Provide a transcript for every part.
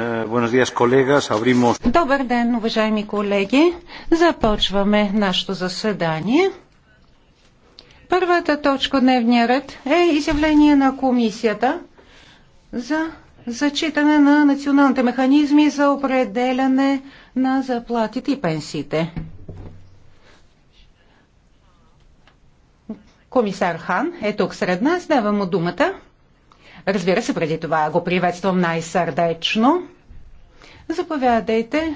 Eh, Добър ден, уважаеми колеги. Започваме нашето заседание. Първата точка от дневния ред е изявление на комисията за зачитане на националните механизми за определяне на заплатите и пенсиите. Комисар Хан е тук сред нас. Давам му думата. Разбира се, преди това го приветствам най-сърдечно. Заповядайте,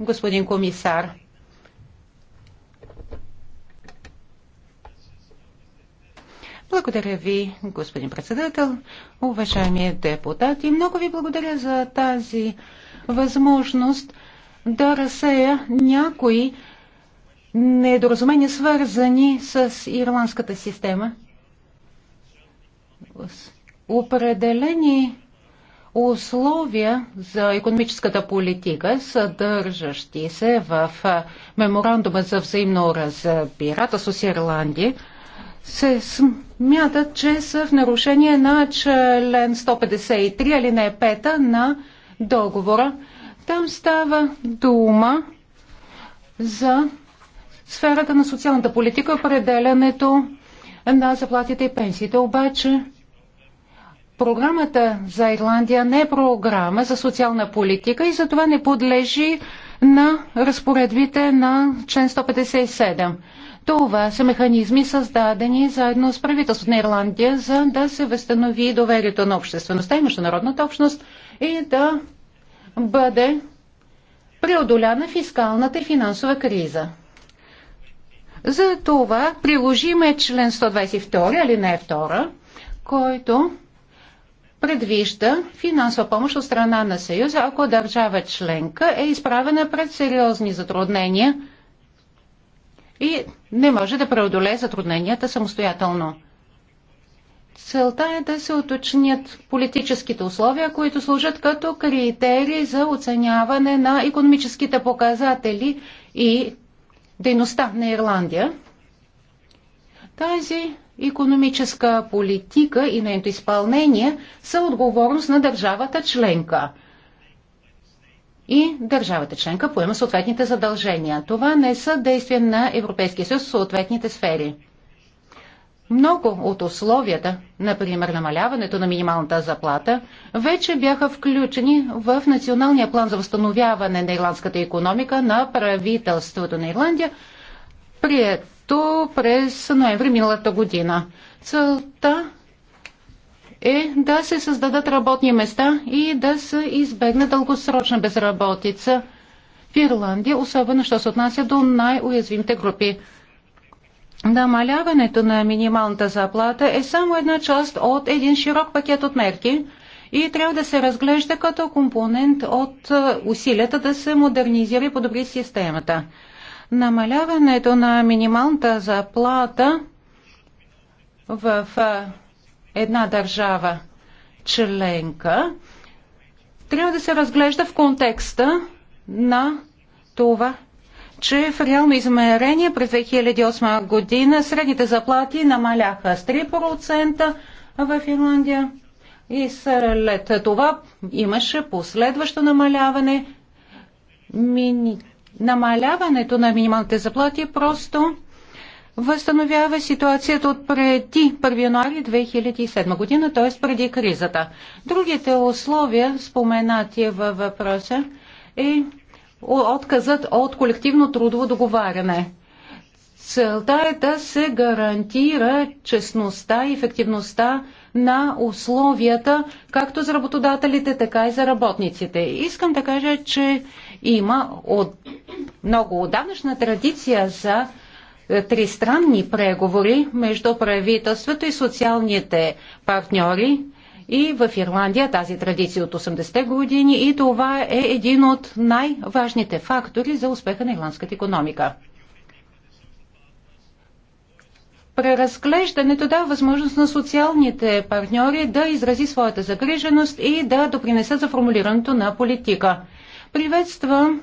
господин комисар. Благодаря ви, господин председател, уважаеми депутати. Много ви благодаря за тази възможност да разсея някои недоразумения, свързани с ирландската система определени условия за економическата политика, съдържащи се в меморандума за взаимно разбирателство с Ирландия, се смятат, че са в нарушение на член 153 али не 5 на договора. Там става дума за сферата на социалната политика, определянето на заплатите и пенсиите. Обаче Програмата за Ирландия не е програма за социална политика и затова не подлежи на разпоредбите на член 157. Това са механизми, създадени заедно с правителството на Ирландия, за да се възстанови доверието на обществеността и международната общност и да бъде преодоляна фискалната и финансова криза. За това приложиме член 122, али не 2, който предвижда финансова помощ от страна на Съюза, ако държава членка е изправена пред сериозни затруднения и не може да преодолее затрудненията самостоятелно. Целта е да се уточнят политическите условия, които служат като критерии за оценяване на економическите показатели и дейността на Ирландия. Тази економическа политика и нейното изпълнение са отговорност на държавата членка. И държавата членка поема съответните задължения. Това не са действия на Европейския съюз в съответните сфери. Много от условията, например намаляването на минималната заплата, вече бяха включени в Националния план за възстановяване на ирландската економика на правителството на Ирландия, прият място през ноември миналата година. Целта е да се създадат работни места и да се избегне дългосрочна безработица в Ирландия, особено що се отнася до най-уязвимите групи. Намаляването на минималната заплата е само една част от един широк пакет от мерки и трябва да се разглежда като компонент от усилията да се модернизира и подобри системата. Намаляването на минималната заплата в една държава членка трябва да се разглежда в контекста на това, че в реално измерение през 2008 година средните заплати намаляха с 3% в Ирландия и след това имаше последващо намаляване. Мини намаляването на минималните заплати просто възстановява ситуацията от преди 1 януари 2007 година, т.е. преди кризата. Другите условия, споменати е във въпроса, е отказът от колективно трудово договаряне. Целта е да се гарантира честността и ефективността на условията, както за работодателите, така и за работниците. Искам да кажа, че има от много отдавнашна традиция за е, тристранни преговори между правителството и социалните партньори. И в Ирландия тази традиция от 80-те години и това е един от най-важните фактори за успеха на ирландската економика. Преразглеждането дава възможност на социалните партньори да изрази своята загриженост и да допринесат за формулирането на политика. Приветства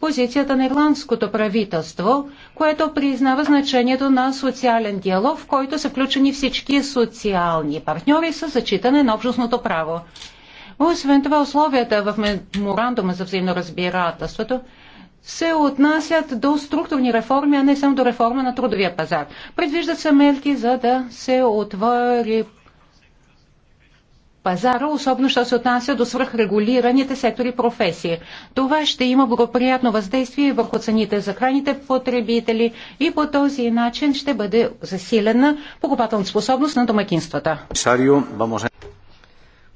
позицията на ирландското правителство, което признава значението на социален диалог, в който са включени всички социални партньори с зачитане на общностното право. Освен това, условията в меморандума за взаимно разбирателството се отнасят до структурни реформи, а не само до реформа на трудовия пазар. Предвиждат се мерки, за да се отвори пазара, особено що се отнася до свръхрегулираните сектори професии. Това ще има благоприятно въздействие върху цените за крайните потребители и по този начин ще бъде засилена покупателна способност на домакинствата.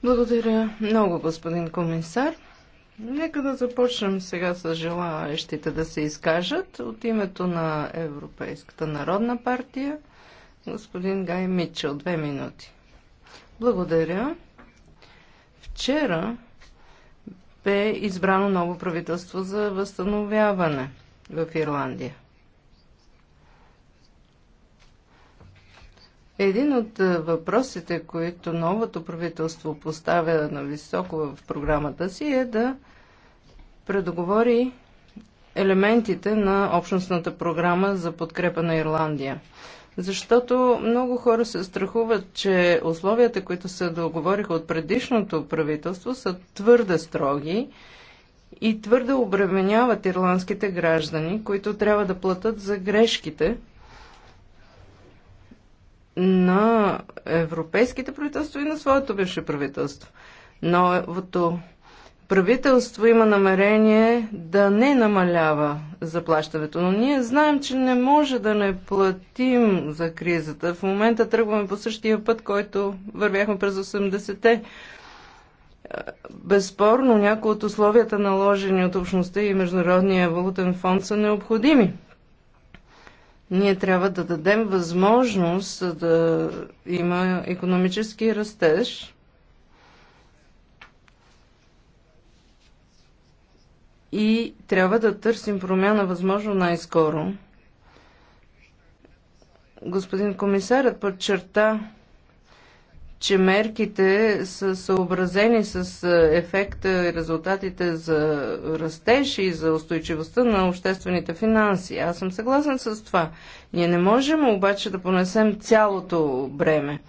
Благодаря много, господин комисар. Нека да започнем сега с желаящите да се изкажат от името на Европейската народна партия. Господин Гай Митчел, две минути. Благодаря. Вчера бе избрано ново правителство за възстановяване в Ирландия. Един от е, въпросите, които новото правителство поставя на високо в програмата си е да предоговори елементите на общностната програма за подкрепа на Ирландия защото много хора се страхуват, че условията, които се договориха от предишното правителство, са твърде строги и твърде обременяват ирландските граждани, които трябва да платят за грешките на европейските правителства и на своето бивше правителство. Новото правителство има намерение да не намалява заплащането. Но ние знаем, че не може да не платим за кризата. В момента тръгваме по същия път, който вървяхме през 80-те. Е, безспорно, някои от условията, наложени от общността и Международния валутен фонд, са необходими. Ние трябва да дадем възможност да има економически растеж – и трябва да търсим промяна възможно най-скоро. Господин комисарът подчерта, че мерките са съобразени с е, ефекта и резултатите за растеж и за устойчивостта на обществените финанси. Аз съм съгласен с това. Ние не можем обаче да понесем цялото бреме.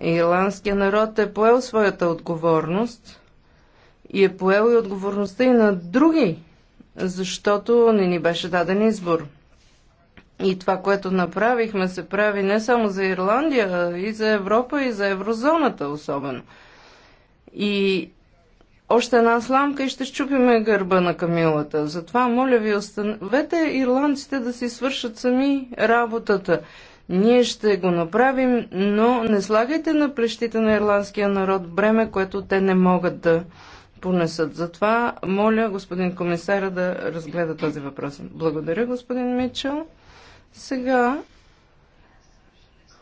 Ирландския народ е поел своята отговорност и е поел и отговорността и на други, защото не ни беше даден избор. И това, което направихме, се прави не само за Ирландия, а и за Европа, и за еврозоната особено. И още една сламка и ще щупиме гърба на камилата. Затова, моля ви, остановете ирландците да си свършат сами работата. Ние ще го направим, но не слагайте на плещите на ирландския народ бреме, което те не могат да понесат. Затова моля господин комисара да разгледа този въпрос. Благодаря, господин Мичел. Сега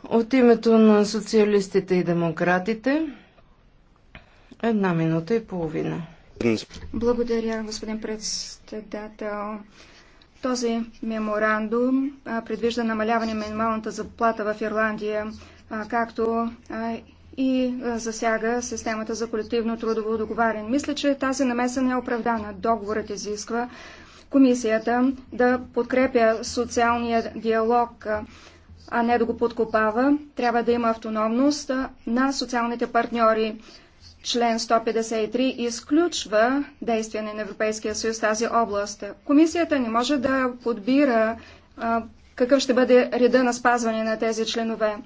от името на социалистите и демократите една минута и половина. Благодаря, господин председател. Този меморандум предвижда намаляване на минималната заплата в Ирландия, както и засяга системата за колективно трудово договаряне. Мисля, че тази намеса не е оправдана. Договорът изисква комисията да подкрепя социалния диалог, а не да го подкопава. Трябва да има автономност на социалните партньори. Член 153 изключва действие на Европейския съюз в тази област. Комисията не може да подбира какъв ще бъде реда на спазване на тези членове.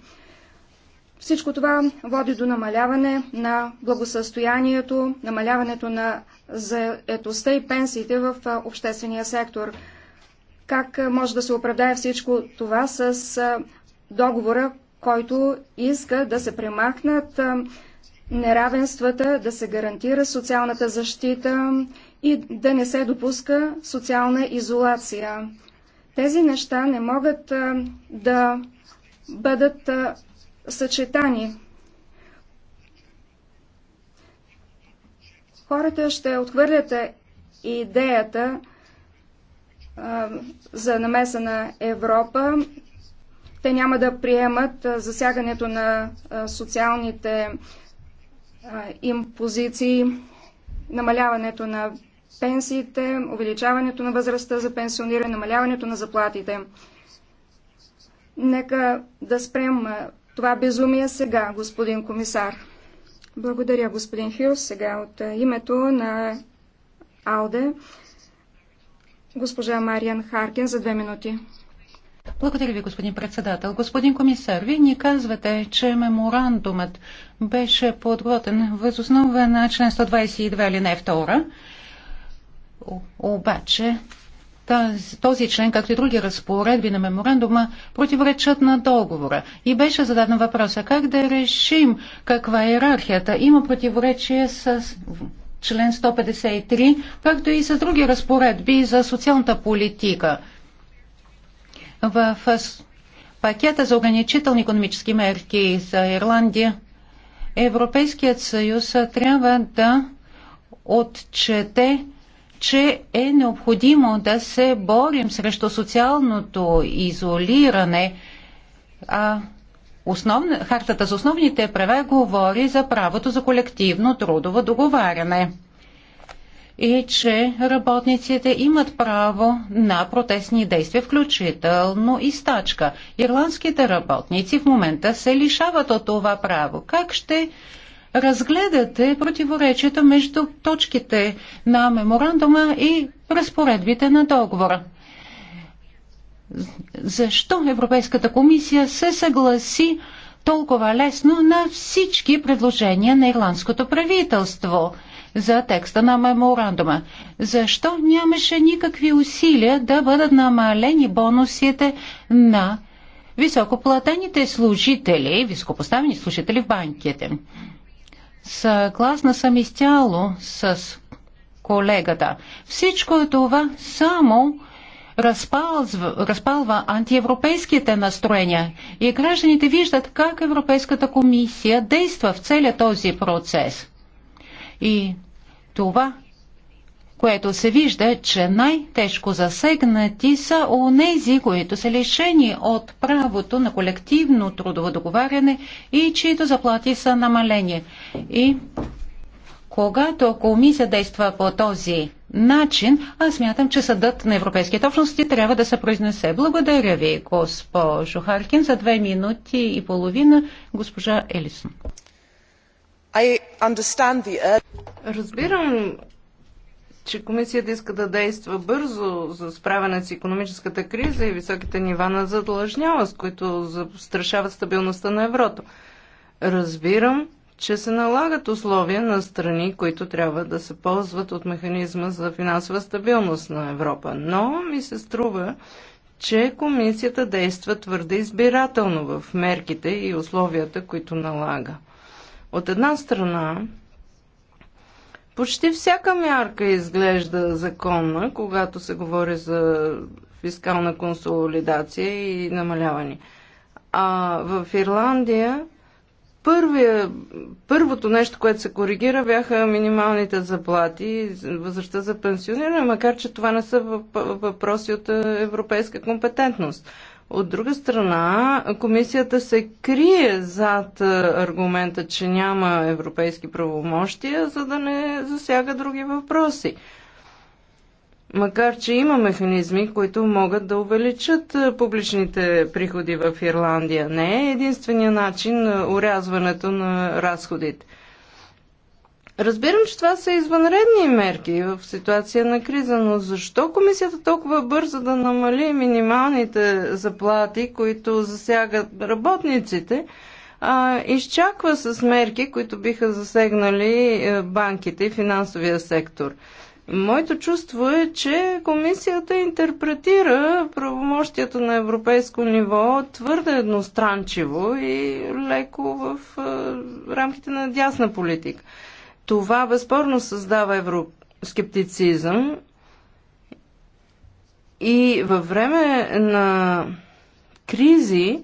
Всичко това води до намаляване на благосъстоянието, намаляването на заетостта и пенсиите в обществения сектор. Как може да се оправдае всичко това с договора, който иска да се премахнат неравенствата, да се гарантира социалната защита и да не се допуска социална изолация. Тези неща не могат да бъдат съчетани. Хората ще отхвърлят идеята а, за намеса на Европа. Те няма да приемат а, засягането на а, социалните им позиции, намаляването на пенсиите, увеличаването на възрастта за пенсиониране, намаляването на заплатите. Нека да спрем това безумие сега, господин комисар. Благодаря, господин Хилс. Сега от е, името на Алде, госпожа Мариан Харкин за две минути. Благодаря ви, господин председател. Господин комисар, вие ни казвате, че меморандумът беше подготвен възоснова на член 122 или не 2. Обаче този член, както и други разпоредби на меморандума, противоречат на договора. И беше зададен въпроса как да решим каква е иерархията. Има противоречие с член 153, както и с други разпоредби за социалната политика. В пакета за ограничителни економически мерки за Ирландия Европейският съюз трябва да отчете че е необходимо да се борим срещу социалното изолиране, а основна, хартата за основните права говори за правото за колективно трудово договаряне и че работниците имат право на протестни действия, включително и стачка. Ирландските работници в момента се лишават от това право. Как ще разгледате противоречията между точките на меморандума и разпоредбите на договора. Защо Европейската комисия се съгласи толкова лесно на всички предложения на ирландското правителство за текста на меморандума? Защо нямаше никакви усилия да бъдат намалени бонусите на високоплатените служители, високопоставени служители в банките? Съгласна съм изцяло с колегата. Всичко това само разпалзва, разпалва антиевропейските настроения и гражданите виждат как Европейската комисия действа в целия този процес. И това което се вижда, че най-тежко засегнати са онези, които са лишени от правото на колективно трудово договаряне и чието заплати са намалени. И когато комисия действа по този начин, аз мятам, че съдът на европейските общности трябва да се произнесе. Благодаря ви, госпожо Харкин. За две минути и половина госпожа Елисон. Разбирам че комисията иска да действа бързо за справяне с економическата криза и високите нива на задлъжнялост, които застрашават стабилността на еврото. Разбирам, че се налагат условия на страни, които трябва да се ползват от механизма за финансова стабилност на Европа. Но ми се струва, че комисията действа твърде избирателно в мерките и условията, които налага. От една страна, почти всяка мярка изглежда законна, когато се говори за фискална консолидация и намаляване. А в Ирландия първия, първото нещо, което се коригира, бяха минималните заплати, възрастта за пенсиониране, макар че това не са въпроси от е, европейска компетентност. От друга страна, комисията се крие зад е, аргумента, че няма европейски правомощия, за да не засяга други въпроси. Макар, че има механизми, които могат да увеличат е, публичните приходи в Ирландия. Не е единствения начин е, урязването на разходите – Разбирам, че това са извънредни мерки в ситуация на криза, но защо комисията толкова бърза да намали минималните заплати, които засягат работниците, а, изчаква с мерки, които биха засегнали е, банките и финансовия сектор? Моето чувство е, че комисията интерпретира правомощията на европейско ниво твърде едностранчиво и леко в е, рамките на дясна политика. Това безспорно създава евроскептицизъм и във време на кризи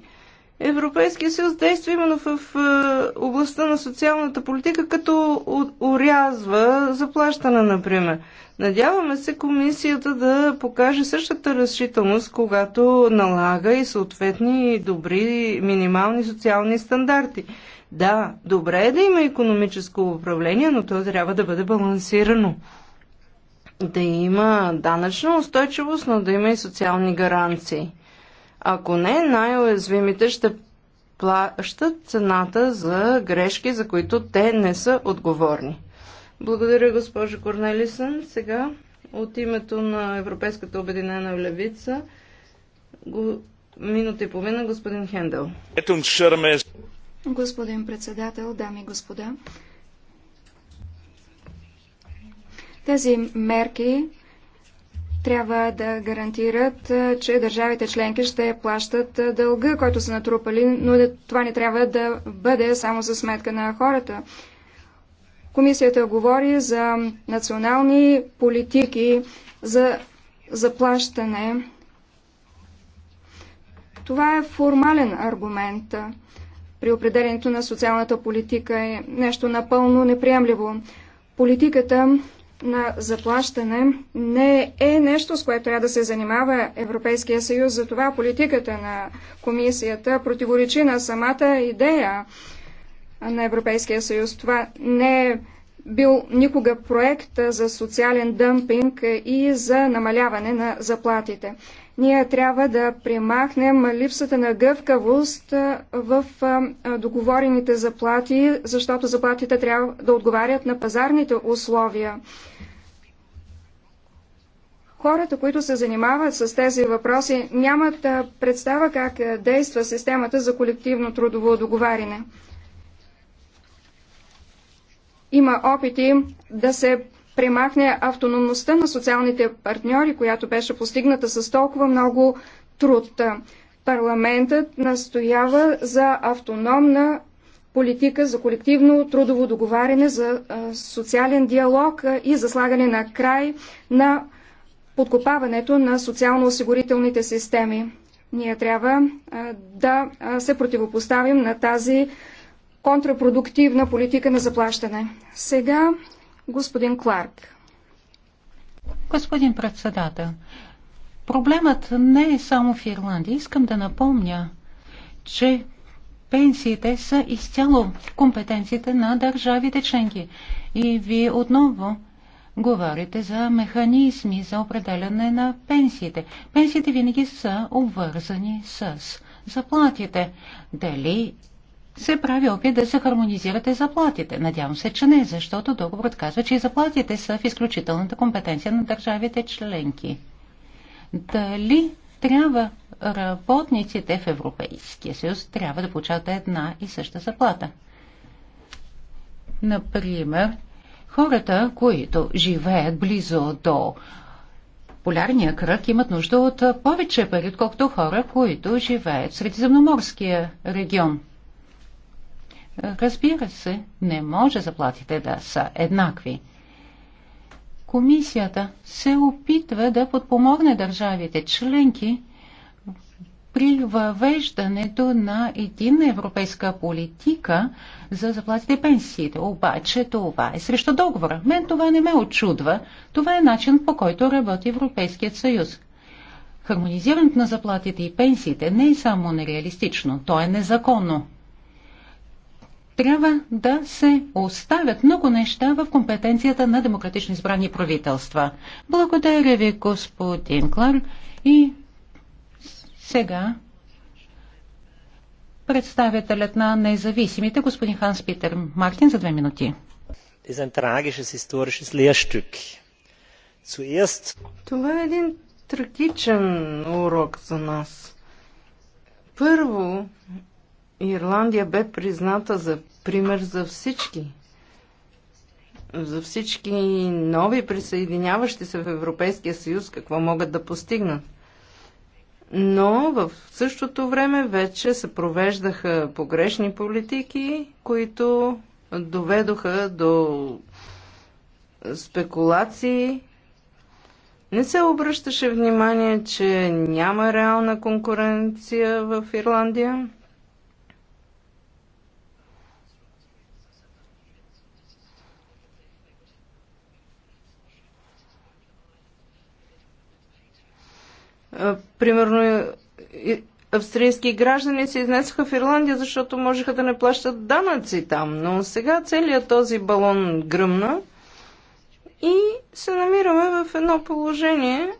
Европейския съюз действа именно в е, областта на социалната политика, като урязва заплащане, например. Надяваме се комисията да покаже същата разшителност, когато налага и съответни добри минимални социални стандарти. Да, добре е да има економическо управление, но то трябва да бъде балансирано. Да има данъчна устойчивост, но да има и социални гаранции. Ако не, най-уязвимите ще плащат цената за грешки, за които те не са отговорни. Благодаря, госпожо Корнелисън. Сега от името на Европейската обединена левица го... минута и половина господин Хендел. Господин председател, дами и господа, тези мерки трябва да гарантират, че държавите членки ще плащат дълга, който са натрупали, но това не трябва да бъде само за сметка на хората. Комисията говори за национални политики за заплащане. Това е формален аргумент при определенето на социалната политика е нещо напълно неприемливо. Политиката на заплащане не е нещо, с което трябва да се занимава Европейския съюз. Затова политиката на комисията противоречи на самата идея на Европейския съюз. Това не е бил никога проект за социален дъмпинг и за намаляване на заплатите. Ние трябва да премахнем липсата на гъвкавост в договорените заплати, защото заплатите трябва да отговарят на пазарните условия. Хората, които се занимават с тези въпроси, нямат представа как действа системата за колективно трудово договаряне. Има опити да се премахне автономността на социалните партньори, която беше постигната с толкова много труд. Парламентът настоява за автономна политика за колективно трудово договаряне, за социален диалог и за слагане на край на подкопаването на социално-осигурителните системи. Ние трябва да се противопоставим на тази контрапродуктивна политика на заплащане. Сега Господин Кларк. Господин председател, проблемът не е само в Ирландия. Искам да напомня, че пенсиите са изцяло в компетенциите на държавите членки. И вие отново говорите за механизми за определяне на пенсиите. Пенсиите винаги са обвързани с заплатите. Дали се прави опит да се хармонизират и заплатите. Надявам се, че не, защото договорът казва, че и заплатите са в изключителната компетенция на държавите членки. Дали трябва работниците в Европейския съюз трябва да получават една и съща заплата? Например, хората, които живеят близо до полярния кръг имат нужда от повече пари, отколкото хора, които живеят в Средиземноморския регион. Разбира се, не може заплатите да са еднакви. Комисията се опитва да подпомогне държавите членки при въвеждането на единна европейска политика за заплатите и пенсиите. Обаче това е срещу договора. Мен това не ме очудва. Това е начин по който работи Европейският съюз. Хармонизирането на заплатите и пенсиите не е само нереалистично, то е незаконно трябва да се оставят много неща в компетенцията на демократично избрани правителства. Благодаря ви, господин Клар. И сега представителят на независимите, господин Ханс Питер Мартин, за две минути. Това е един трагичен урок за нас. Първо, Ирландия бе призната за пример за всички. За всички нови присъединяващи се в Европейския съюз, какво могат да постигнат. Но в същото време вече се провеждаха погрешни политики, които доведоха до спекулации. Не се обръщаше внимание, че няма реална конкуренция в Ирландия. Примерно австрийски граждани се изнесоха в Ирландия, защото можеха да не плащат данъци там. Но сега целият този балон гръмна и се намираме в едно положение,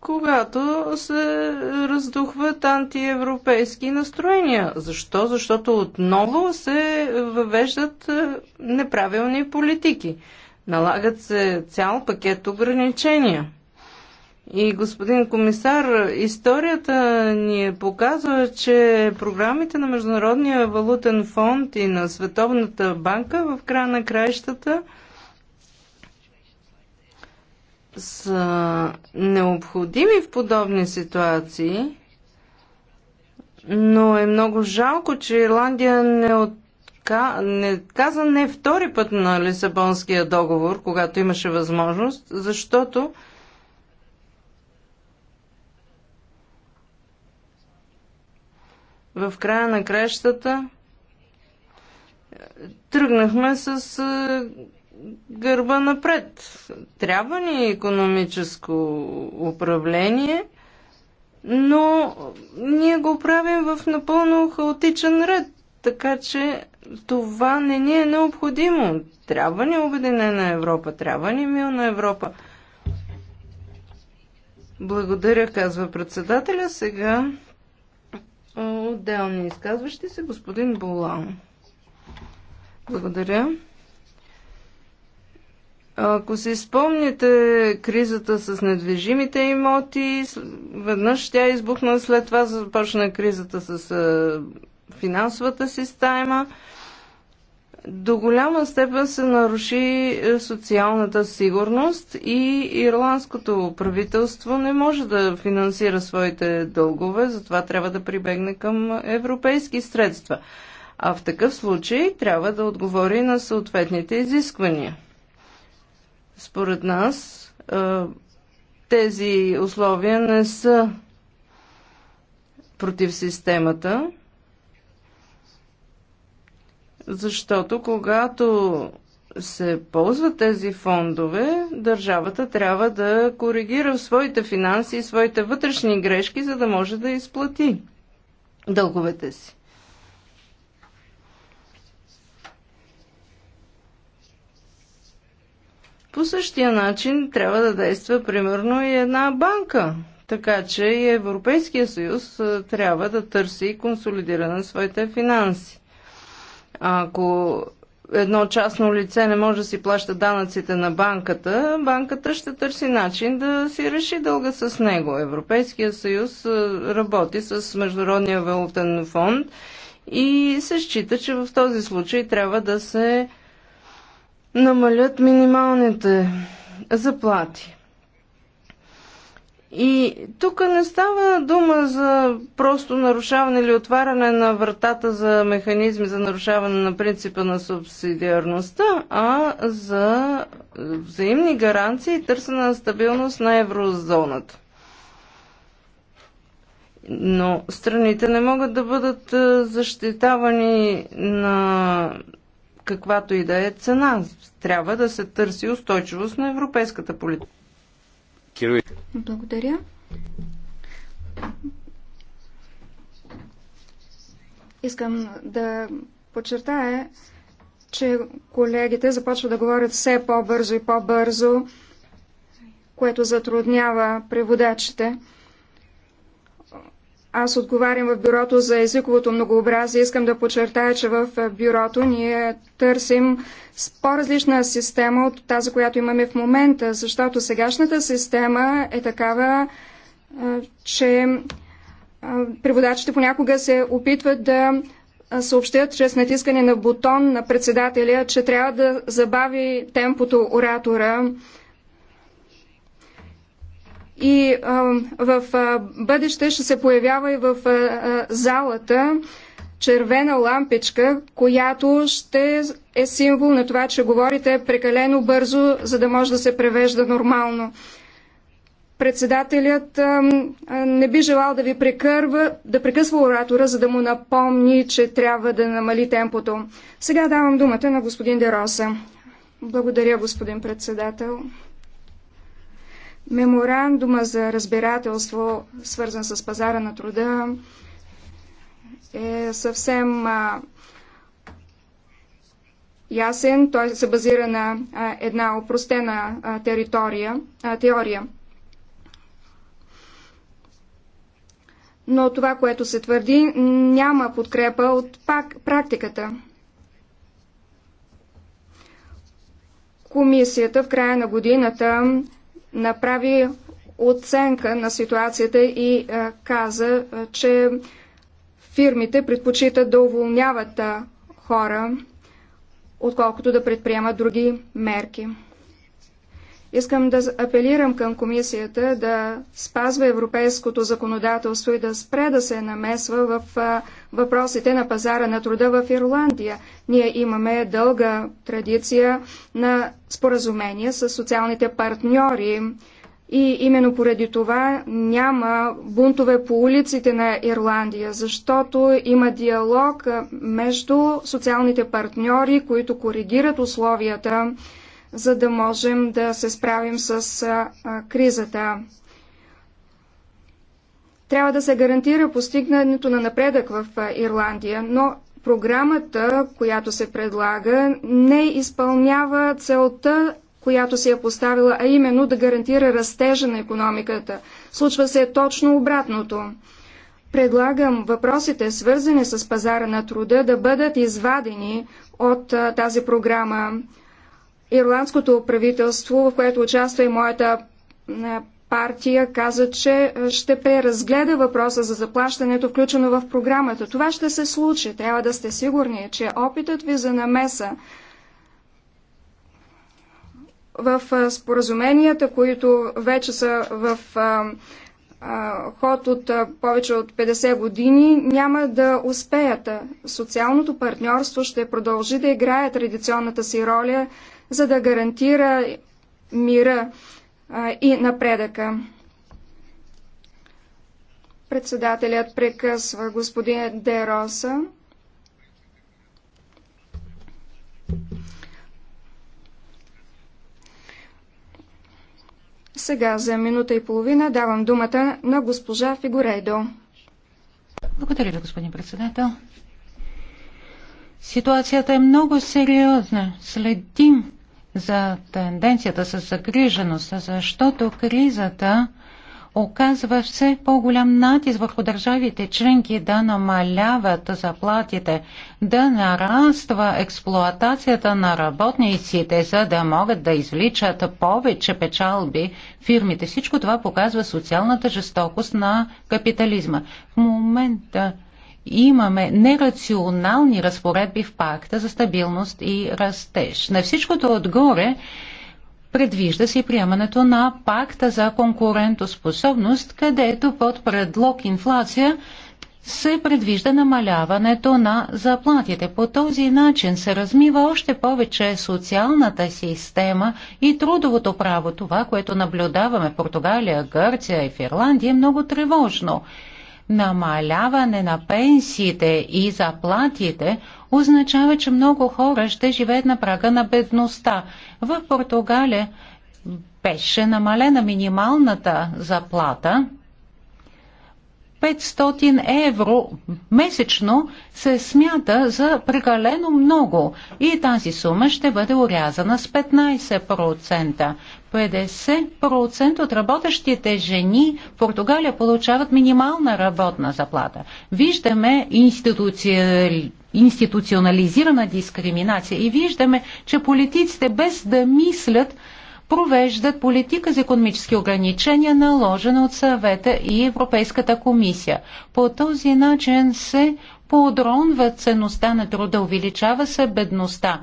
когато се раздухват антиевропейски настроения. Защо? Защото отново се въвеждат е, неправилни политики. Налагат се цял пакет ограничения – и господин комисар, историята ни е показва, че програмите на Международния валутен фонд и на Световната банка в края на краищата са необходими в подобни ситуации, но е много жалко, че Ирландия не от не каза не втори път на Лисабонския договор, когато имаше възможност, защото в края на кращата е, тръгнахме с е, гърба напред. Трябва ни економическо управление, но ние го правим в напълно хаотичен ред, така че това не ни е необходимо. Трябва ни Обединена Европа, трябва ни Милна Европа. Благодаря, казва председателя. Сега Отделни изказващи се господин Болан. Благодаря. Ако си изпомните кризата с недвижимите имоти, веднъж тя избухна, след това започна кризата с финансовата система до голяма степен се наруши е, социалната сигурност и ирландското правителство не може да финансира своите дългове, затова трябва да прибегне към европейски средства. А в такъв случай трябва да отговори на съответните изисквания. Според нас е, тези условия не са против системата защото когато се ползват тези фондове, държавата трябва да коригира своите финанси и своите вътрешни грешки, за да може да изплати дълговете си. По същия начин трябва да действа примерно и една банка. Така че и Европейския съюз трябва да търси и консолидира на своите финанси. Ако едно частно лице не може да си плаща данъците на банката, банката ще търси начин да си реши дълга с него. Европейския съюз е, работи с Международния валутен фонд и се счита, че в този случай трябва да се намалят минималните заплати. И тук не става дума за просто нарушаване или отваряне на вратата за механизми за нарушаване на принципа на субсидиарността, а за взаимни гаранции и търсене на стабилност на еврозоната. Но страните не могат да бъдат е, защитавани на каквато и да е цена. Трябва да се търси устойчивост на европейската политика. Благодаря. Искам да подчертая, че колегите започват да говорят все по-бързо и по-бързо, което затруднява преводачите. Аз отговарям в бюрото за езиковото многообразие. Искам да подчертая, че в е, бюрото ние търсим по-различна система от тази, която имаме в момента, защото сегашната система е такава, е, че е, преводачите понякога се опитват да съобщят чрез натискане на бутон на председателя, че трябва да забави темпото оратора и в бъдеще ще се появява и в залата червена лампичка, която ще е символ на това, че говорите прекалено бързо, за да може да се превежда нормално. Председателят не би желал да ви прекърва, да прекъсва оратора, за да му напомни, че трябва да намали темпото. Сега давам думата на господин Дероса. Благодаря, господин председател. Меморандума за разбирателство, свързан с пазара на труда, е съвсем а, ясен. Той се базира на а, една опростена а, територия, а, теория. Но това, което се твърди, няма подкрепа от пак, практиката. Комисията в края на годината направи оценка на ситуацията и каза, че фирмите предпочитат да уволняват хора, отколкото да предприемат други мерки. Искам да апелирам към комисията да спазва европейското законодателство и да спре да се намесва в въпросите на пазара на труда в Ирландия. Ние имаме дълга традиция на споразумение с социалните партньори. И именно поради това няма бунтове по улиците на Ирландия, защото има диалог между социалните партньори, които коригират условията за да можем да се справим с а, кризата. Трябва да се гарантира постигнането на напредък в Ирландия, но програмата, която се предлага, не изпълнява целта, която се е поставила, а именно да гарантира растежа на економиката. Случва се точно обратното. Предлагам въпросите, свързани с пазара на труда, да бъдат извадени от тази програма ирландското правителство, в което участва и моята партия, каза, че ще преразгледа въпроса за заплащането, включено в програмата. Това ще се случи. Трябва да сте сигурни, че опитът ви за намеса в споразуменията, които вече са в ход от повече от 50 години, няма да успеят. Социалното партньорство ще продължи да играе традиционната си роля за да гарантира мира и напредъка. Председателят прекъсва господин Дероса. Сега за минута и половина давам думата на госпожа Фигурейдо. Благодаря ви, господин председател. Ситуацията е много сериозна. Следим за тенденцията с загриженост, защото кризата оказва все по-голям натиск върху държавите членки да намаляват заплатите, да нараства експлоатацията на работниците, за да могат да извличат повече печалби фирмите. Всичко това показва социалната жестокост на капитализма. В момента имаме нерационални разпоредби в пакта за стабилност и растеж. На всичкото отгоре предвижда се приемането на пакта за конкурентоспособност, където под предлог инфлация се предвижда намаляването на заплатите. По този начин се размива още повече социалната система и трудовото право. Това, което наблюдаваме в Португалия, Гърция и Фирландия Ирландия е много тревожно намаляване на пенсиите и заплатите означава, че много хора ще живеят на прага на бедността. В Португалия беше намалена минималната заплата 500 евро месечно се смята за прекалено много и тази сума ще бъде урязана с 15%. 50% от работещите жени в Португалия получават минимална работна заплата. Виждаме институци... институционализирана дискриминация и виждаме, че политиците без да мислят провеждат политика за економически ограничения, наложена от съвета и Европейската комисия. По този начин се подронва ценността на труда, увеличава се бедността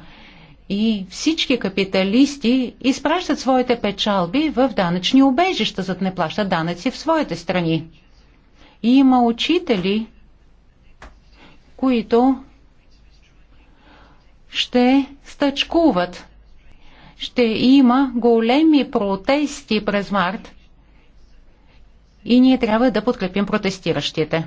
и всички капиталисти изпращат своите печалби в данъчни убежища, за да не плащат данъци в своите страни. И има учители, които ще стъчкуват ще има големи протести през март и ние трябва да подкрепим протестиращите.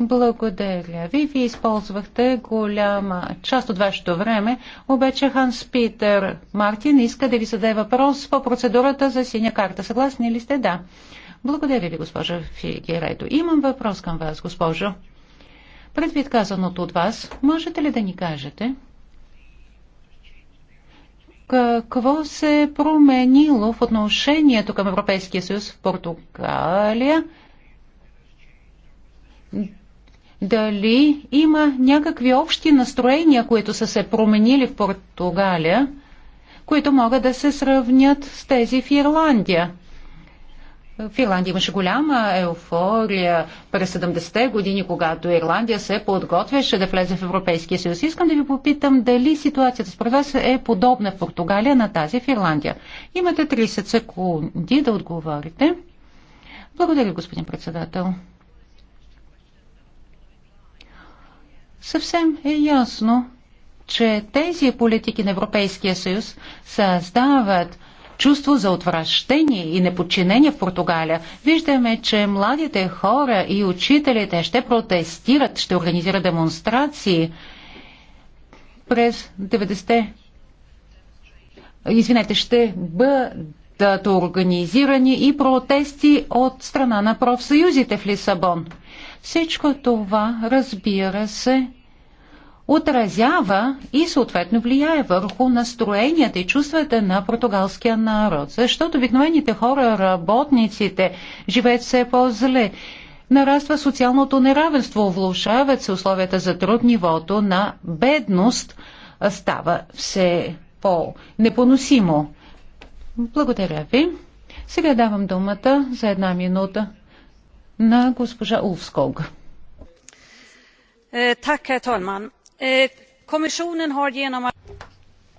Благодаря ви. Вие използвахте голяма част от вашето време, обаче Ханс Питер Мартин иска да ви зададе въпрос по процедурата за синя карта. Съгласни ли сте? Да. Благодаря ви, госпожа Фигерето. Имам въпрос към вас, госпожо. Предвид казаното от вас, можете ли да ни кажете? какво се е променило в отношението към Европейския съюз в Португалия? Дали има някакви общи настроения, които са се променили в Португалия, които могат да се сравнят с тези в Ирландия? Финландия имаше голяма еуфория през 70-те години, когато Ирландия се подготвяше да влезе в Европейския съюз. Искам да ви попитам дали ситуацията според вас е подобна в Португалия на тази в Ирландия. Имате 30 секунди да отговорите. Благодаря, господин председател. Съвсем е ясно, че тези политики на Европейския съюз създават чувство за отвращение и неподчинение в Португалия. Виждаме, че младите хора и учителите ще протестират, ще организират демонстрации през 90-те. Извинете, ще бъдат организирани и протести от страна на профсъюзите в Лисабон. Всичко това, разбира се, отразява и съответно влияе върху настроенията и чувствата на португалския народ. Защото обикновените хора, работниците, живеят все по-зле. Нараства социалното неравенство, влушават се условията за труд, нивото на бедност става все по-непоносимо. Благодаря ви. Сега давам думата за една минута на госпожа Eh, Tack, herr talman. Eh, kommissionen har genom...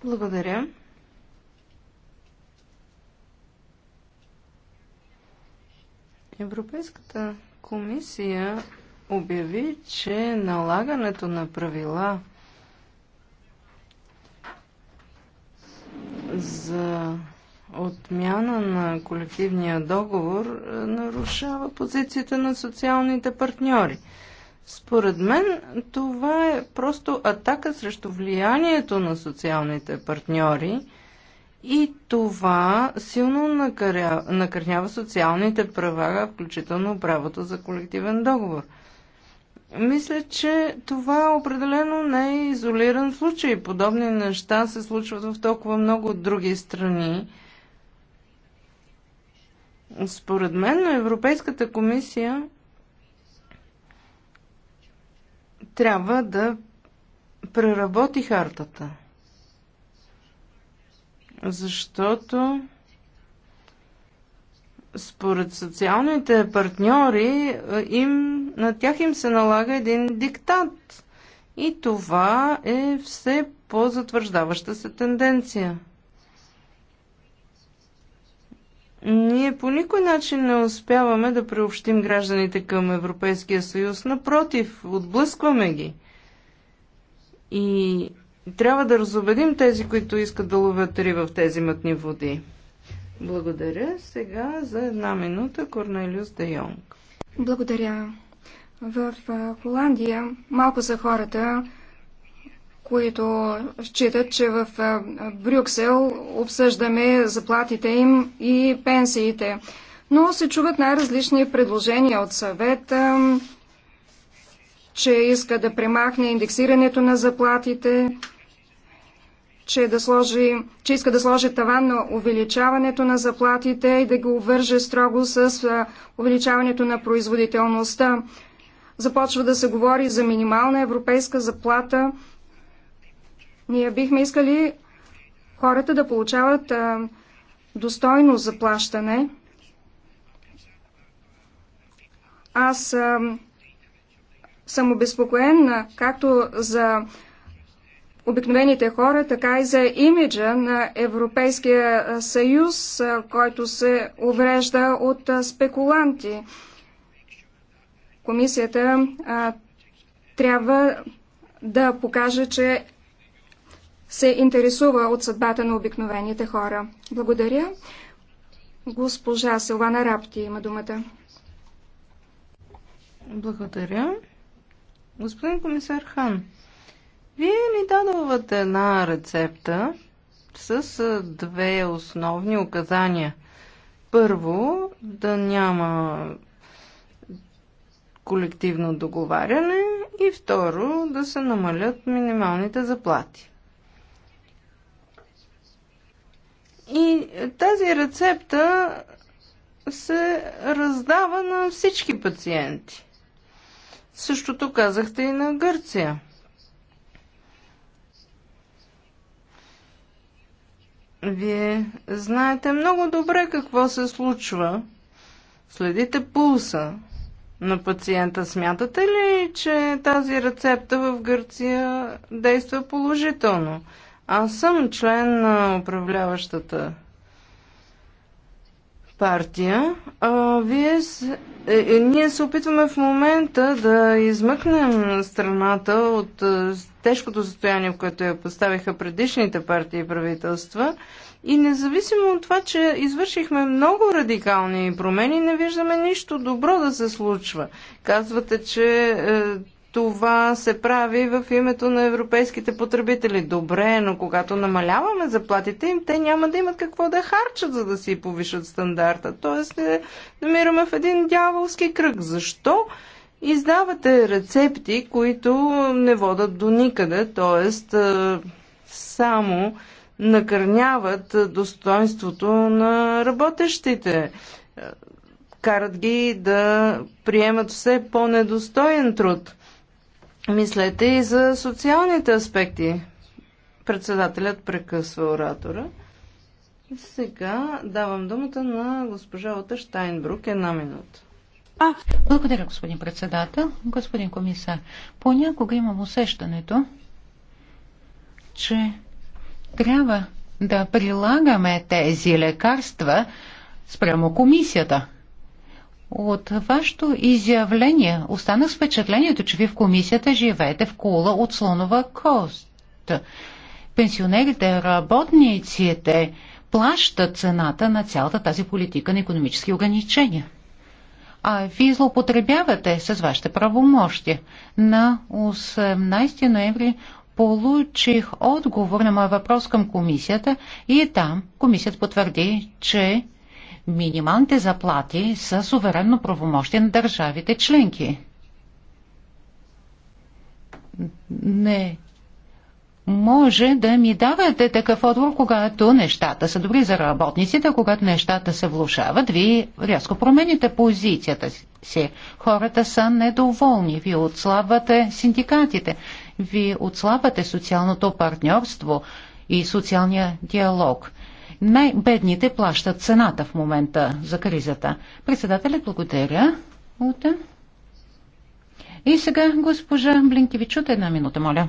Благодаря. Европейската комисия обяви, че налагането на правила за отмяна на колективния договор е, нарушава позицията на социалните партньори. Според мен това е просто атака срещу влиянието на социалните партньори и това силно накърнява социалните права, включително правото за колективен договор. Мисля, че това определено не е изолиран случай. Подобни неща се случват в толкова много други страни. Според мен Европейската комисия трябва да преработи хартата. Защото според социалните партньори е, им, на тях им се налага един диктат. И това е все по-затвърждаваща се тенденция. Ние по никой начин не успяваме да приобщим гражданите към Европейския съюз. Напротив, отблъскваме ги. И трябва да разобедим тези, които искат да ловят риба в тези мътни води. Благодаря. Сега за една минута Корнелиус Де Йонг. Благодаря. В Холандия малко са хората, които считат, че в Брюксел обсъждаме заплатите им и пенсиите. Но се чуват най-различни предложения от съвета, че иска да премахне индексирането на заплатите, че, да сложи, че иска да сложи таван на увеличаването на заплатите и да го върже строго с увеличаването на производителността. Започва да се говори за минимална европейска заплата – ние бихме искали хората да получават а, достойно заплащане. Аз а, съм обезпокоен както за обикновените хора, така и за имиджа на Европейския съюз, който се уврежда от спекуланти. Комисията а, трябва да покаже, че се интересува от съдбата на обикновените хора. Благодаря. Госпожа Силвана Рапти има думата. Благодаря. Господин комисар Хан, вие ни дадовате една рецепта с две основни указания. Първо, да няма колективно договаряне и второ, да се намалят минималните заплати. И тази рецепта се раздава на всички пациенти. Същото казахте и на Гърция. Вие знаете много добре какво се случва. Следите пулса на пациента. Смятате ли, че тази рецепта в Гърция действа положително? Аз съм член на управляващата партия. А, вие с... е, е, ние се опитваме в момента да измъкнем страната от е, тежкото състояние, в което я поставиха предишните партии и правителства. И независимо от това, че извършихме много радикални промени, не виждаме нищо добро да се случва. Казвате, че е, това се прави в името на европейските потребители. Добре, но когато намаляваме заплатите им, те няма да имат какво да харчат, за да си повишат стандарта. Тоест, не намираме в един дяволски кръг. Защо издавате рецепти, които не водат до никъде, т.е. само накърняват достоинството на работещите? Е, карат ги да приемат все по-недостоен труд. Мислете и за социалните аспекти. Председателят прекъсва оратора. И сега давам думата на госпожа Ота Штайнбрук. Една минута. А, благодаря, господин председател. Господин комисар, понякога имам усещането, че трябва да прилагаме тези лекарства спрямо комисията. От вашето изявление останах с впечатлението, че ви в комисията живеете в кула от слонова кост. Пенсионерите, работниците плащат цената на цялата тази политика на економически ограничения. А ви злоупотребявате с вашите правомощи. На 18 ноември получих отговор на моя въпрос към комисията и там комисията потвърди, че минималните заплати са суверенно правомощие на държавите членки. Не може да ми давате такъв отговор, когато нещата са добри за работниците, когато нещата се влушават, вие рязко промените позицията си. Хората са недоволни, вие отслабвате синдикатите, вие отслабвате социалното партньорство и социалния диалог най-бедните плащат цената в момента за кризата. Председателят благодаря. Ута. И сега госпожа Блинкевич от една минута, моля.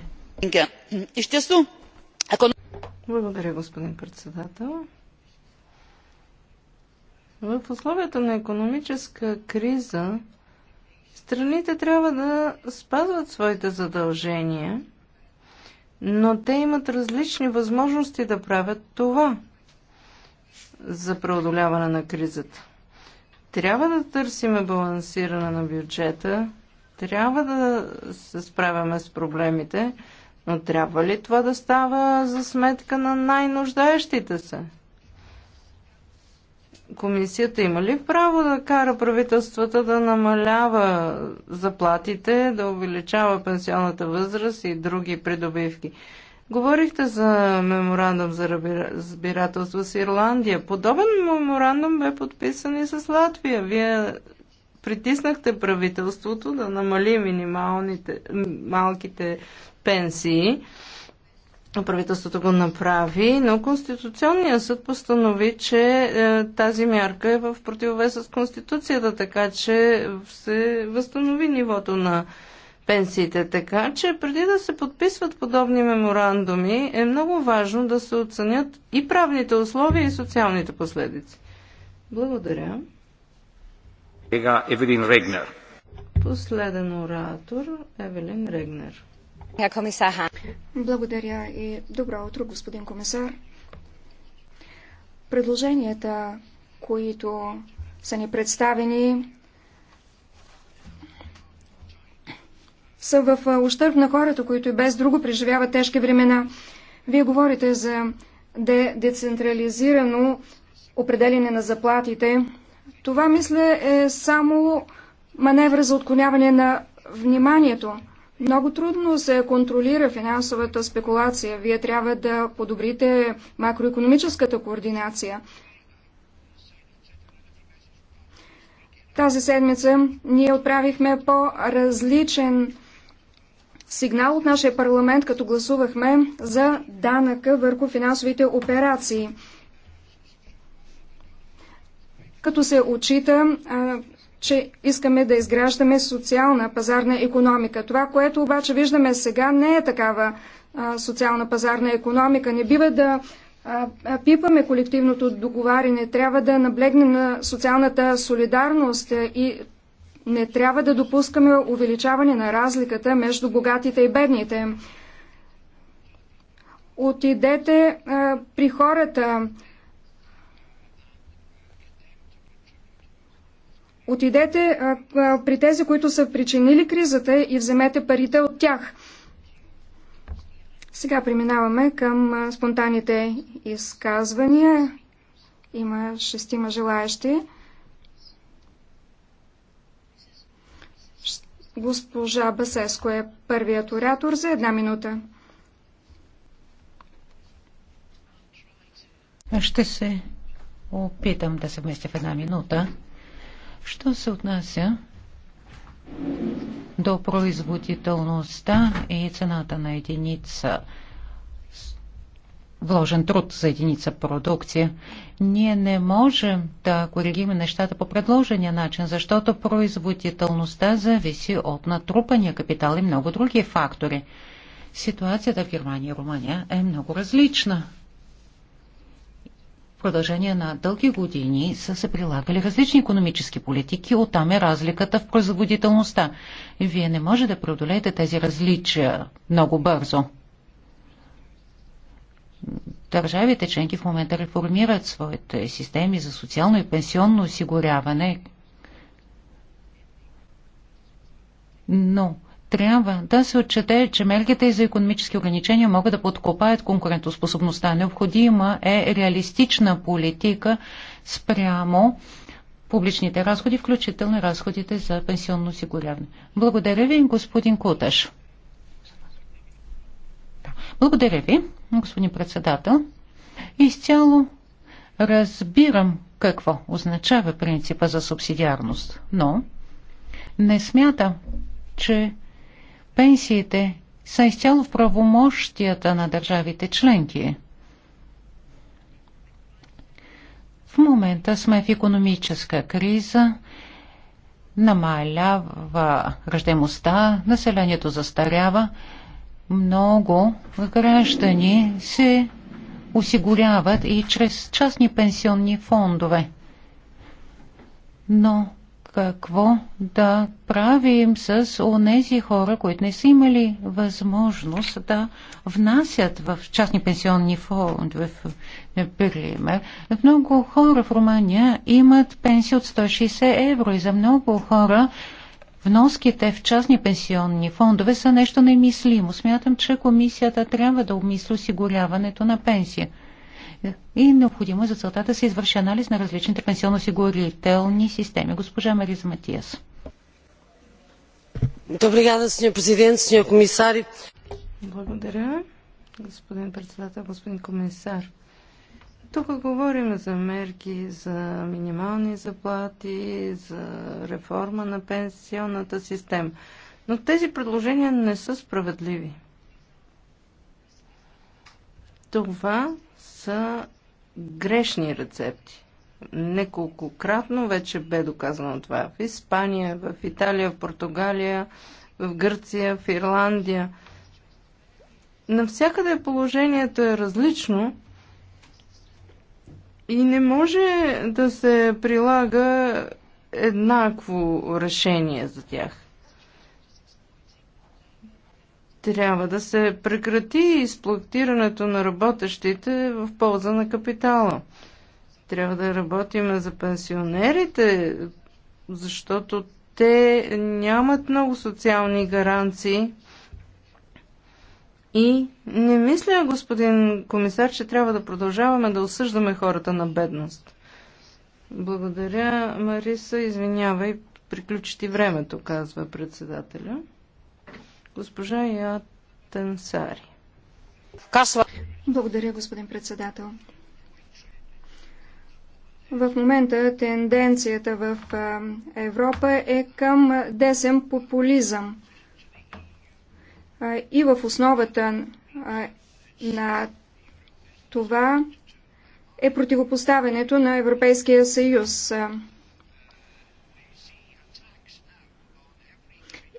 Благодаря, господин председател. В условията на економическа криза страните трябва да спазват своите задължения, но те имат различни възможности да правят това – за преодоляване на кризата. Трябва да търсиме балансиране на бюджета, трябва да се справяме с проблемите, но трябва ли това да става за сметка на най-нуждаещите се? Комисията има ли право да кара правителствата да намалява заплатите, да увеличава пенсионната възраст и други придобивки? Говорихте за меморандум за разбирателство с Ирландия. Подобен меморандум бе подписан и с Латвия. Вие притиснахте правителството да намали минималните, малките пенсии. Правителството го направи, но Конституционният съд постанови, че е, тази мярка е в противовес с Конституцията, така че се възстанови нивото на пенсиите. Така че преди да се подписват подобни меморандуми е много важно да се оценят и правните условия и социалните последици. Благодаря. Сега Евелин Регнер. Последен оратор Евелин Регнер. Благодаря и добро утро, господин комисар. Предложенията, които са ни представени, са в ущърб на хората, които и без друго преживяват тежки времена. Вие говорите за де- децентрализирано определене на заплатите. Това, мисля, е само маневра за отклоняване на вниманието. Много трудно се контролира финансовата спекулация. Вие трябва да подобрите макроекономическата координация. Тази седмица ние отправихме по-различен сигнал от нашия парламент, като гласувахме за данъка върху финансовите операции. Като се отчита, че искаме да изграждаме социална пазарна економика. Това, което обаче виждаме сега, не е такава социална пазарна економика. Не бива да пипаме колективното договаряне, трябва да наблегнем на социалната солидарност и не трябва да допускаме увеличаване на разликата между богатите и бедните. Отидете а, при хората. Отидете а, а, при тези, които са причинили кризата и вземете парите от тях. Сега преминаваме към спонтанните изказвания. Има шестима желаящи. Госпожа Басеско е първият оратор за една минута. Ще се опитам да се вместя в една минута. Що се отнася до производителността и цената на единица вложен труд за единица продукция. Ние не можем да коригиме нещата по предложения начин, защото производителността зависи от натрупания капитал и много други фактори. Ситуацията в Германия и Румъния е много различна. В продължение на дълги години са се прилагали различни економически политики, оттам е разликата в производителността. Вие не можете да преодолеете тези различия много бързо държавите членки в момента реформират своите системи за социално и пенсионно осигуряване, но трябва да се отчете, че мерките за економически ограничения могат да подкопаят конкурентоспособността. Необходима е реалистична политика спрямо публичните разходи, включително разходите за пенсионно осигуряване. Благодаря ви, господин Куташ. Благодаря ви господин председател. Изцяло разбирам какво означава принципа за субсидиарност, но не смятам, че пенсиите са изцяло в правомощията на държавите членки. В момента сме в економическа криза, намалява ръждемостта, населението застарява, много граждани се осигуряват и чрез частни пенсионни фондове. Но какво да правим с онези хора, които не са имали възможност да внасят в частни пенсионни фондове, например. Много хора в Румъния имат пенсии от 160 евро и за много хора вноските в частни пенсионни фондове са нещо немислимо. Смятам, че комисията трябва да обмисли осигуряването на пенсия. И необходимо е за целта да се извърши анализ на различните пенсионно-осигурителни системи. Госпожа Мариза Матиас. Добре, сеньор президент, сеньор комисари. Благодаря, господин председател, господин комисар. Тук говорим за мерки, за минимални заплати, за реформа на пенсионната система. Но тези предложения не са справедливи. Това са грешни рецепти. Неколкократно вече бе доказано това в Испания, в Италия, в Португалия, в Гърция, в Ирландия. Навсякъде положението е различно – и не може да се прилага еднакво решение за тях. Трябва да се прекрати изплактирането на работещите в полза на капитала. Трябва да работим за пенсионерите, защото те нямат много социални гаранции и не мисля, господин комисар, че трябва да продължаваме да осъждаме хората на бедност. Благодаря, Мариса. Извинявай, приключи ти времето, казва председателя. Госпожа Ятенсари. Касва. Благодаря, господин председател. В момента тенденцията в Европа е към десен популизъм и в основата на това е противопоставянето на Европейския съюз.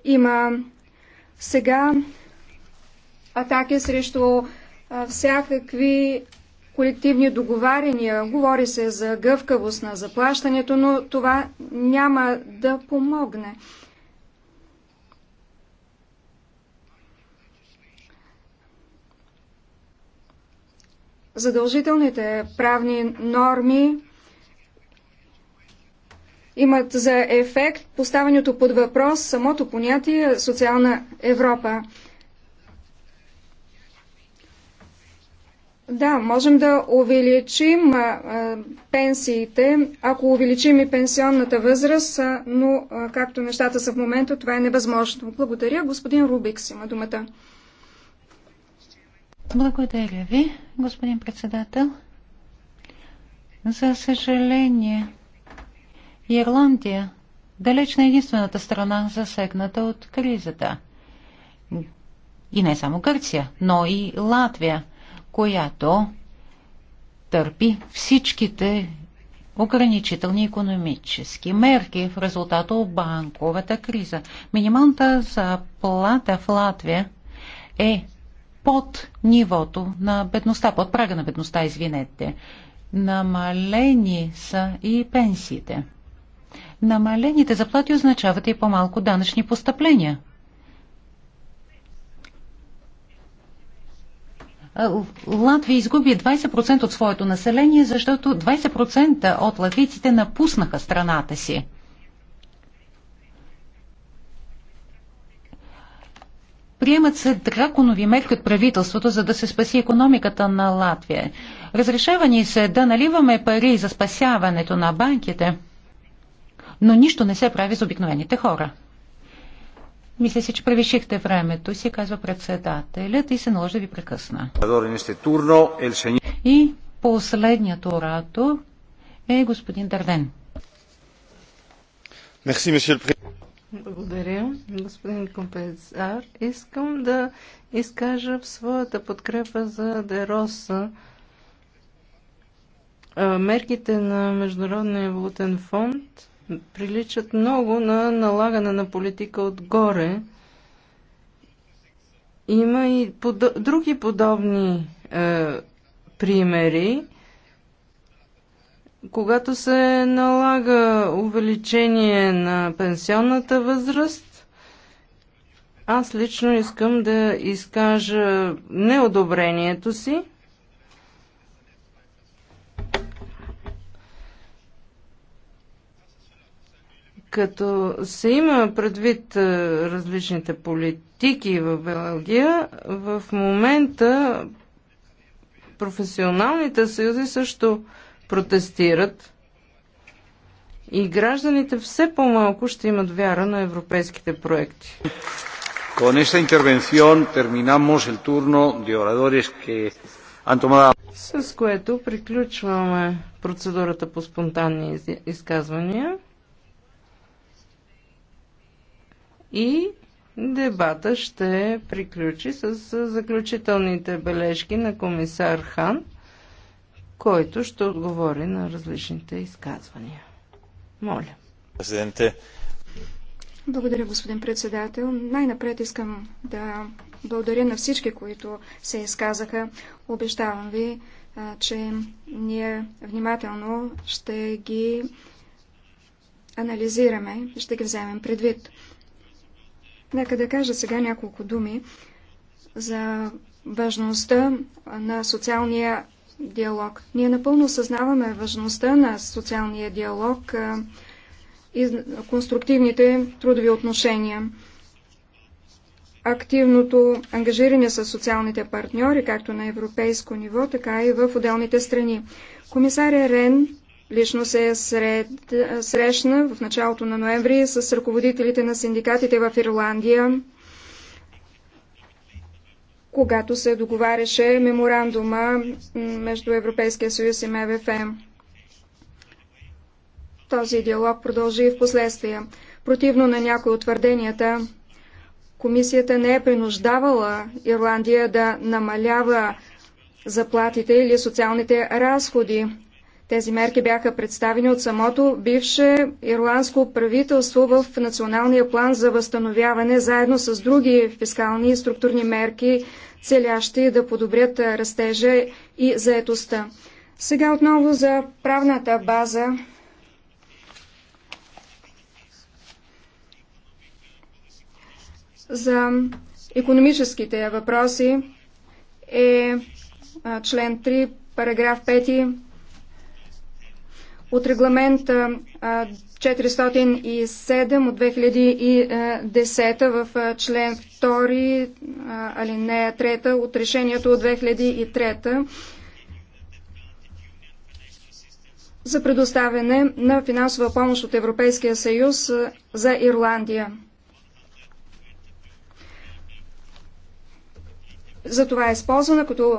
Има сега атаки срещу всякакви колективни договаряния. Говори се за гъвкавост на заплащането, но това няма да помогне. задължителните правни норми имат за ефект поставянето под въпрос самото понятие социална Европа. Да, можем да увеличим а, пенсиите, ако увеличим и пенсионната възраст, а, но а, както нещата са в момента, това е невъзможно. Благодаря. Господин Рубикс има думата. Благодаря ви, господин председател. За съжаление, Ирландия далеч не е единствената страна засегната от кризата. И не само Гърция, но и Латвия, която търпи всичките ограничителни економически мерки в резултат от банковата криза. Минималната заплата в Латвия е под нивото на бедността, под прага на бедността, извинете. Намалени са и пенсиите. Намалените заплати означават и по-малко данъчни постъпления. Латвия изгуби 20% от своето население, защото 20% от латвийците напуснаха страната си. Приемат се драконови мерки от правителството, за да се спаси економиката на Латвия. Разрешава ни се да наливаме пари за спасяването на банките, но нищо не се прави за обикновените хора. Мисля си, че превишихте времето си, казва председателят и се наложи да ви прекъсна. И последният оратор е господин Дървен. Благодаря, господин Компенсар. Искам да изкажа в своята подкрепа за Дероса мерките на Международния валутен фонд приличат много на налагане на политика отгоре. Има и други подобни е, примери. Когато се налага увеличение на пенсионната възраст, аз лично искам да изкажа неодобрението си. Като се има предвид е, различните политики в Белгия, в момента професионалните съюзи също протестират и гражданите все по-малко ще имат вяра на европейските проекти. Con esta intervención terminamos el turno de oradores que han tomado. С което приключваме процедурата по спонтанни изказвания и дебата ще приключи с заключителните бележки на комисар Хан който ще отговори на различните изказвания. Моля. Президенте. Благодаря, господин председател. Най-напред искам да благодаря на всички, които се изказаха. Обещавам ви, че ние внимателно ще ги анализираме и ще ги вземем предвид. Нека да кажа сега няколко думи за важността на социалния диалог. Ние напълно осъзнаваме важността на социалния диалог и конструктивните трудови отношения. Активното ангажиране с социалните партньори, както на европейско ниво, така и в отделните страни. Комисаря Рен лично се е сред, срещна в началото на ноември с ръководителите на синдикатите в Ирландия, когато се договаряше меморандума между Европейския съюз и МВФ. Този диалог продължи и в последствия. Противно на някои от твърденията, комисията не е принуждавала Ирландия да намалява заплатите или социалните разходи. Тези мерки бяха представени от самото бивше ирландско правителство в Националния план за възстановяване, заедно с други фискални и структурни мерки, целящи да подобрят растежа и заетостта. Сега отново за правната база. За економическите въпроси е член 3, параграф 5 от регламент 407 от 2010 в член 2, алинея 3 от решението от 2003 за предоставяне на финансова помощ от Европейския съюз за Ирландия. Затова е използвана като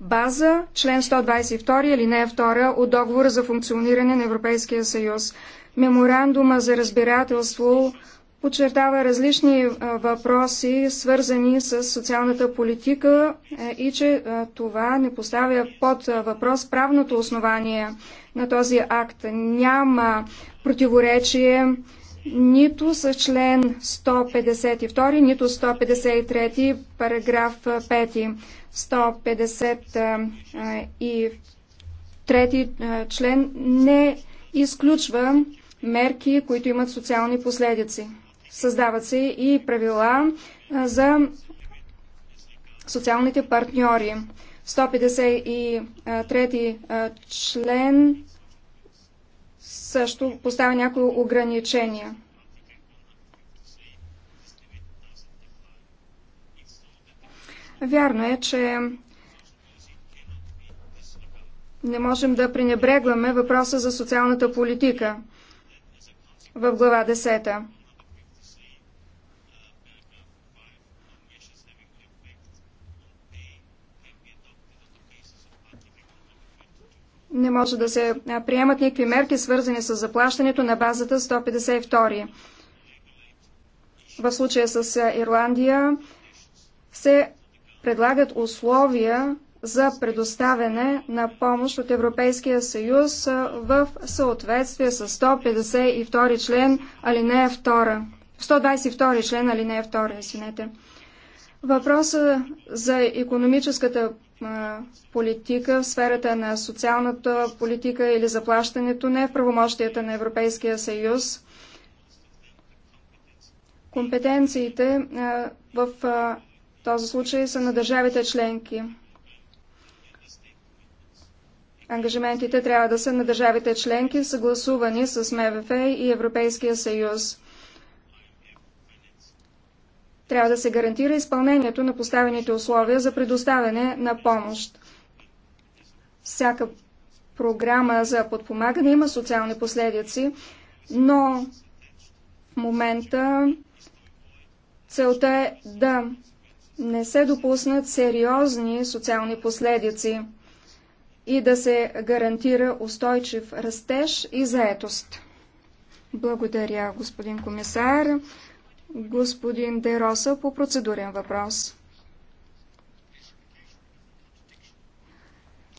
база, член 122, алинея 2 от договора за функциониране на Европейския съюз. Меморандума за разбирателство подчертава различни въпроси, свързани с социалната политика е, и че това не поставя под въпрос правното основание на този акт. Няма противоречие нито с член 152, нито 153, параграф 5, 153 член не изключва мерки, които имат социални последици. Създават се и правила за социалните партньори. 153 член също поставя някои ограничения. Вярно е, че не можем да пренебрегваме въпроса за социалната политика в глава 10. не може да се приемат никакви мерки, свързани с заплащането на базата 152. В случая с Ирландия се предлагат условия за предоставяне на помощ от Европейския съюз в съответствие с 152 член алинея 2. 122 член алинея 2, извинете. Въпросът за економическата политика в сферата на социалната политика или заплащането не е в правомощията на Европейския съюз. Компетенциите в този случай са на държавите членки. Ангажиментите трябва да са на държавите членки, съгласувани с МВФ и Европейския съюз. Трябва да се гарантира изпълнението на поставените условия за предоставяне на помощ. Всяка програма за подпомагане има социални последици, но в момента целта е да не се допуснат сериозни социални последици и да се гарантира устойчив растеж и заетост. Благодаря, господин комисар господин Дероса по процедурен въпрос.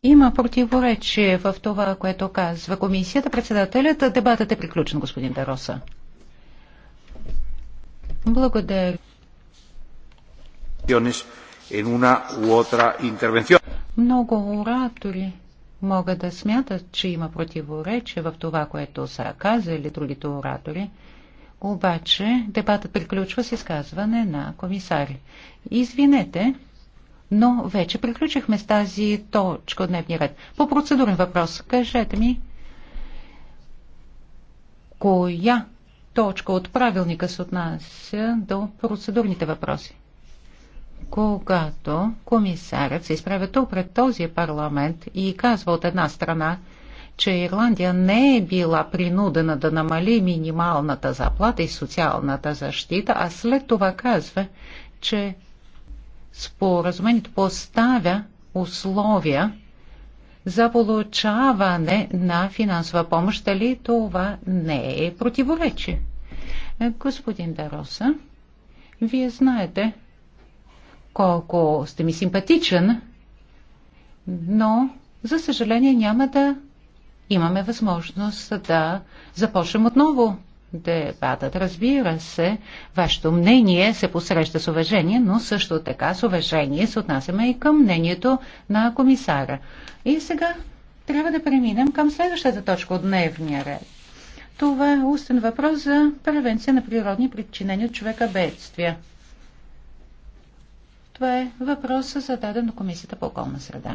Има противоречие в това, което казва комисията. Председателят, дебатът е приключен, господин Дероса. Благодаря. Много оратори могат да смятат, че има противоречие в това, което са казали другите оратори. Обаче дебатът приключва с изказване на комисари. Извинете, но вече приключихме с тази точка от дневния ред. По процедурен въпрос, кажете ми, коя точка от правилника се отнася до процедурните въпроси? Когато комисарят се изправя тук пред този парламент и казва от една страна, че Ирландия не е била принудена да намали минималната заплата и социалната защита, а след това казва, че споразумението поставя условия за получаване на финансова помощ. Дали това не е противоречие? Господин Дароса, вие знаете колко сте ми симпатичен, но за съжаление няма да имаме възможност да започнем отново дебатът. Разбира се, вашето мнение се посреща с уважение, но също така с уважение се отнасяме и към мнението на комисара. И сега трябва да преминем към следващата точка от дневния ред. Това е устен въпрос за превенция на природни причинени от човека бедствия. Това е въпрос зададен на Комисията по околна среда.